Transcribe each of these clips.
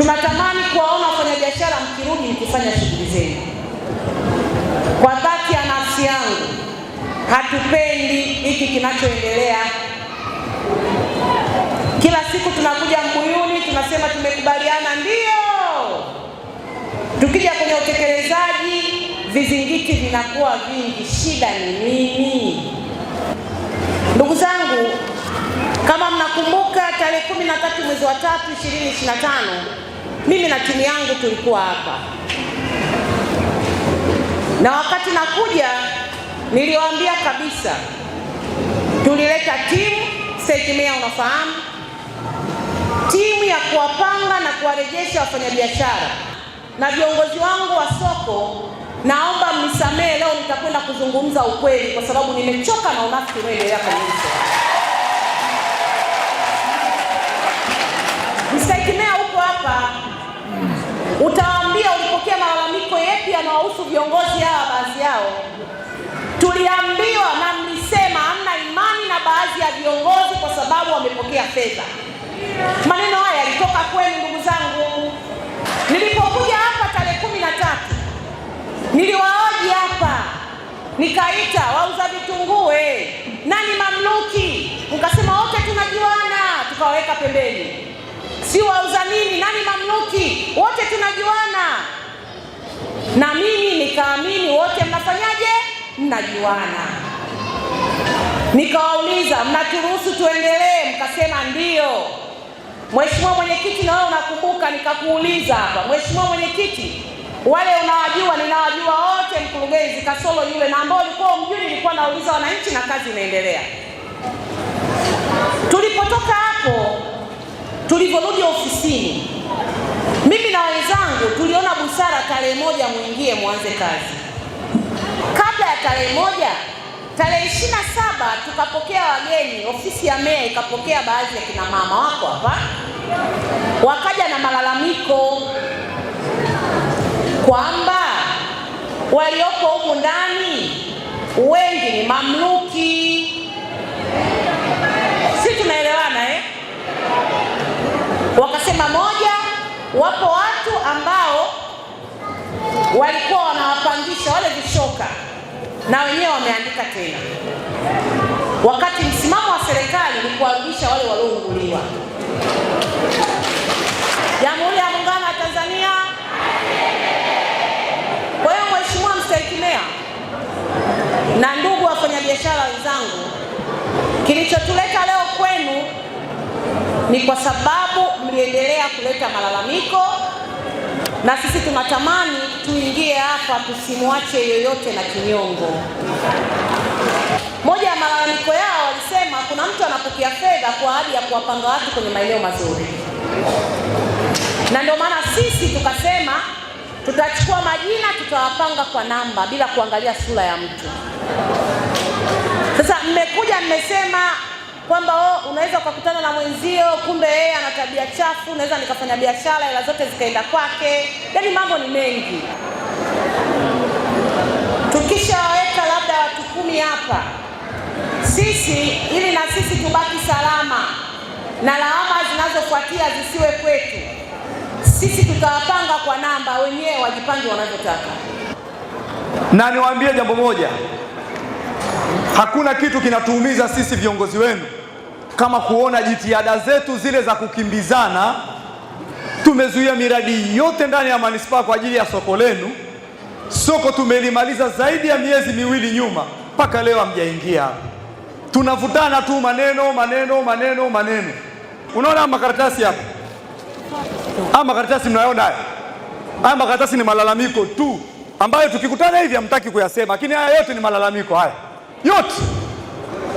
Tunatamani kuwaona wafanyabiashara mkirudi mkifanya shughuli zenu. Kwa dhati ya nafsi yangu, hatupendi hiki kinachoendelea. Kila siku tunakuja Mbuyuni tunasema tumekubaliana, ndio. Tukija kwenye utekelezaji vizingiti vinakuwa vingi. Shida ni nini? Ndugu zangu, kama mnakumbuka tarehe 13 mwezi wa 3 2025 mimi na timu yangu tulikuwa hapa, na wakati nakuja niliwaambia kabisa, tulileta timu Segemea, unafahamu timu ya kuwapanga na kuwarejesha wafanyabiashara na viongozi wangu wa soko. Naomba mnisamehe, leo nitakwenda kuzungumza ukweli, kwa sababu nimechoka na unafiki unaoendelea kabisa. Mstahiki huko hapa Utawaambia ulipokea malalamiko yepi yanawahusu viongozi hawa, baadhi yao tuliambiwa na mlisema hamna imani na baadhi ya viongozi kwa sababu wamepokea fedha. Maneno haya yalitoka kwenu ndugu zangu. Nilipokuja hapa tarehe kumi na tatu niliwaoji hapa nikaita wauza vitunguu, eh, nani mamluki, mkasema wote tunajuana, tukawaweka pembeni. Si wauza nini, nani mamluki na mimi nikaamini wote mnafanyaje, mnajuana. Nikawauliza, mnaturuhusu tuendelee? Mkasema ndio. Mheshimiwa Mwenyekiti, na wewe unakumbuka, nikakuuliza hapa, Mheshimiwa Mwenyekiti, wale unawajua, ninawajua wote, mkurugenzi kasoro yule, na ambao ulikuwa umjui, nilikuwa nauliza wananchi na kazi inaendelea. Tulipotoka hapo, tulivyorudi ofisini, mimi na wenzangu tuliona busa muingie mwanze kazi kabla ya tarehe moja. Tarehe ishirini na saba tukapokea wageni, ofisi ya meya ikapokea baadhi ya kina mama wako hapa, wakaja na malalamiko kwamba walioko huku ndani wengi ni mamluki. Si tunaelewana eh? Wakasema moja, wapo watu ambao walikuwa wanawapangisha wale vishoka, na wenyewe wameandika tena, wakati msimamo wa serikali ni kuwarudisha wale waliounguliwa. Jamhuri ya Muungano wa Tanzania. Kwa hiyo, Mheshimiwa Mstahiki Meya na ndugu wafanyabiashara wenzangu, kilichotuleta leo kwenu ni kwa sababu mliendelea kuleta malalamiko na sisi tunatamani tuingie hapa tusimwache yoyote na kinyongo. Moja ya malalamiko yao walisema kuna mtu anapokea fedha kwa ajili ya kuwapanga watu kwenye maeneo mazuri, na ndio maana sisi tukasema tutachukua majina, tutawapanga kwa namba bila kuangalia sura ya mtu. Sasa mmekuja mmesema kwamba oh, unaweza ukakutana na mwenzio, kumbe yeye ana tabia chafu, naweza nikafanya biashara hela zote zikaenda kwake. Yaani mambo ni mengi. Tukishaweka labda watu kumi hapa sisi, ili na sisi tubaki salama na lawama zinazofuatia zisiwe kwetu sisi, tutawapanga kwa namba, wenyewe wajipange wanavyotaka. Na niwaambie jambo moja, hakuna kitu kinatuumiza sisi viongozi wenu kama kuona jitihada zetu zile za kukimbizana. Tumezuia miradi yote ndani ya manispaa kwa ajili ya soko lenu. Soko tumelimaliza zaidi ya miezi miwili nyuma, mpaka leo hamjaingia. Tunavutana tu maneno maneno maneno maneno. Unaona makaratasi hapa, haya makaratasi mnayoona haya, haya makaratasi ni malalamiko tu, ambayo tukikutana hivi hamtaki kuyasema, lakini haya yote ni malalamiko haya yote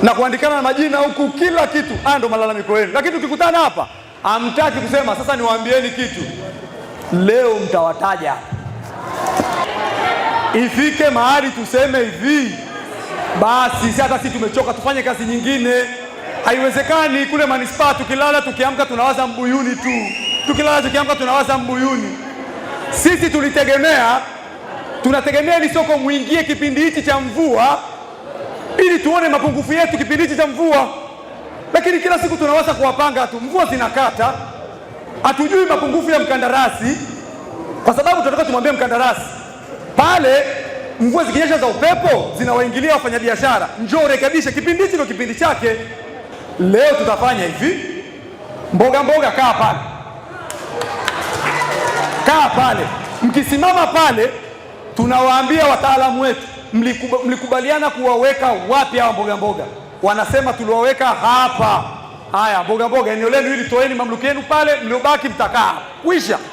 na kuandikana na majina huku, kila kitu. Haya ndo malalamiko yenu, lakini tukikutana hapa hamtaki kusema. Sasa niwaambieni kitu, leo mtawataja, ifike mahali tuseme hivi basi, si hata si tumechoka, tufanye kazi nyingine. Haiwezekani kule manispaa, tukilala tukiamka tunawaza mbuyuni tu, tukilala tukiamka tunawaza mbuyuni. Sisi tulitegemea tunategemea ni soko muingie kipindi hichi cha mvua ili tuone mapungufu yetu kipindi hichi cha mvua, lakini kila siku tunawaza kuwapanga tu, mvua zinakata, hatujui mapungufu ya mkandarasi, kwa sababu tunataka tumwambie mkandarasi pale mvua zikinyesha za upepo zinawaingilia wafanyabiashara, njoo urekebishe. Kipindi hichi ndio kipindi chake. Leo tutafanya hivi, mboga mboga, kaa pale, kaa pale. Mkisimama pale, tunawaambia wataalamu wetu mlikubaliana kuwaweka wapi hawa mboga mboga? Wanasema tuliwaweka hapa. Haya mboga mboga, eneo lenu hili, toeni mamluki yenu pale, mliobaki mtakaa kwisha.